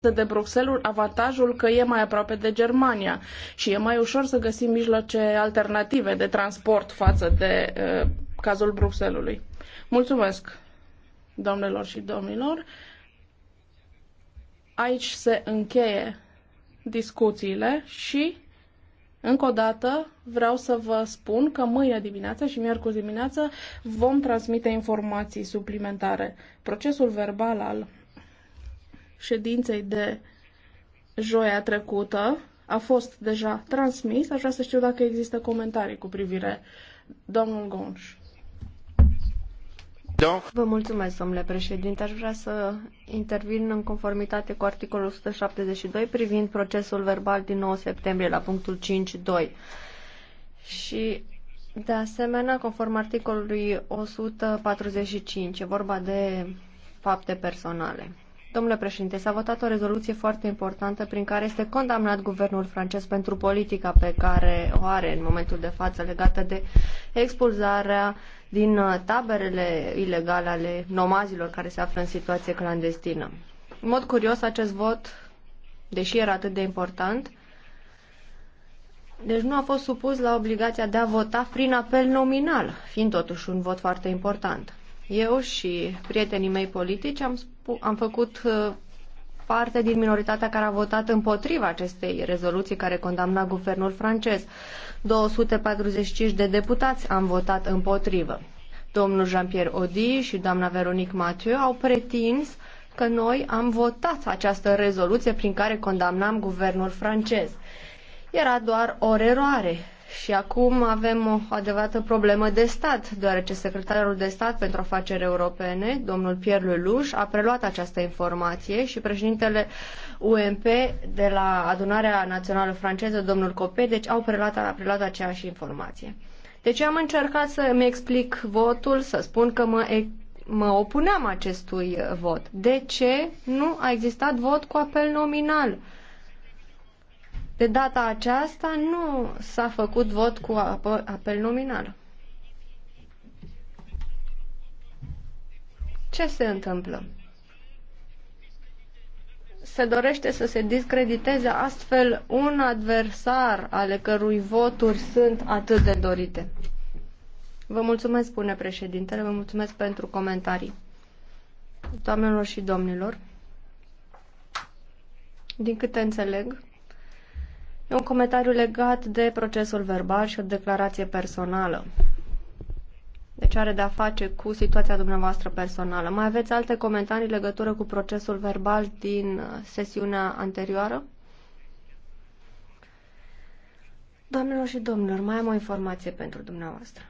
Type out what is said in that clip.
de Bruxelles avantajul că e mai aproape de Germania și e mai ușor să găsim mijloace alternative de transport față de uh, cazul Bruxellesului. Mulțumesc, domnilor și domnilor. Aici se încheie discuțiile și încă o dată vreau să vă spun că mâine dimineață și miercuri dimineață vom transmite informații suplimentare. Procesul verbal al ședinței de joia trecută a fost deja transmis. Aș vrea să știu dacă există comentarii cu privire. Domnul Gonș. Da. Vă mulțumesc, domnule președinte. Aș vrea să intervin în conformitate cu articolul 172 privind procesul verbal din 9 septembrie la punctul 5.2. Și de asemenea, conform articolului 145, e vorba de fapte personale. Domnule președinte, s-a votat o rezoluție foarte importantă prin care este condamnat guvernul francez pentru politica pe care o are în momentul de față legată de expulzarea din uh, taberele ilegale ale nomazilor care se află în situație clandestină. În mod curios, acest vot, deși era atât de important, deci nu a fost supus la obligația de a vota prin apel nominal, fiind totuși un vot foarte important. Eu și prietenii mei politici am spus am făcut uh, parte din minoritatea care a votat împotriva acestei rezoluții care condamna guvernul francez. 245 de deputați am votat împotrivă. Domnul Jean-Pierre Odi și doamna Veronique Mathieu au pretins că noi am votat această rezoluție prin care condamnam guvernul francez. Era doar o eroare. Și acum avem o adevărată problemă de stat, deoarece secretarul de stat pentru afaceri europene, domnul Pierre Leluș, a preluat această informație și președintele UMP de la Adunarea Națională Franceză, domnul Copé, deci au preluat, a preluat aceeași informație. Deci am încercat să-mi explic votul, să spun că mă, mă opuneam acestui vot. De ce nu a existat vot cu apel nominal? Uh, de data aceasta nu s-a făcut vot cu apel nominal. Ce se întâmplă? Se dorește să se discrediteze astfel un adversar ale cărui voturi sunt atât de dorite. Vă mulțumesc, spune președintele, vă mulțumesc pentru comentarii. Doamnelor și domnilor, din câte înțeleg, E un comentariu legat de procesul verbal și o declarație personală. Deci are de-a face cu situația dumneavoastră personală. Mai aveți alte comentarii legătură cu procesul verbal din uh, sesiunea anterioară? Doamnelor și domnilor, mai am o informație pentru dumneavoastră.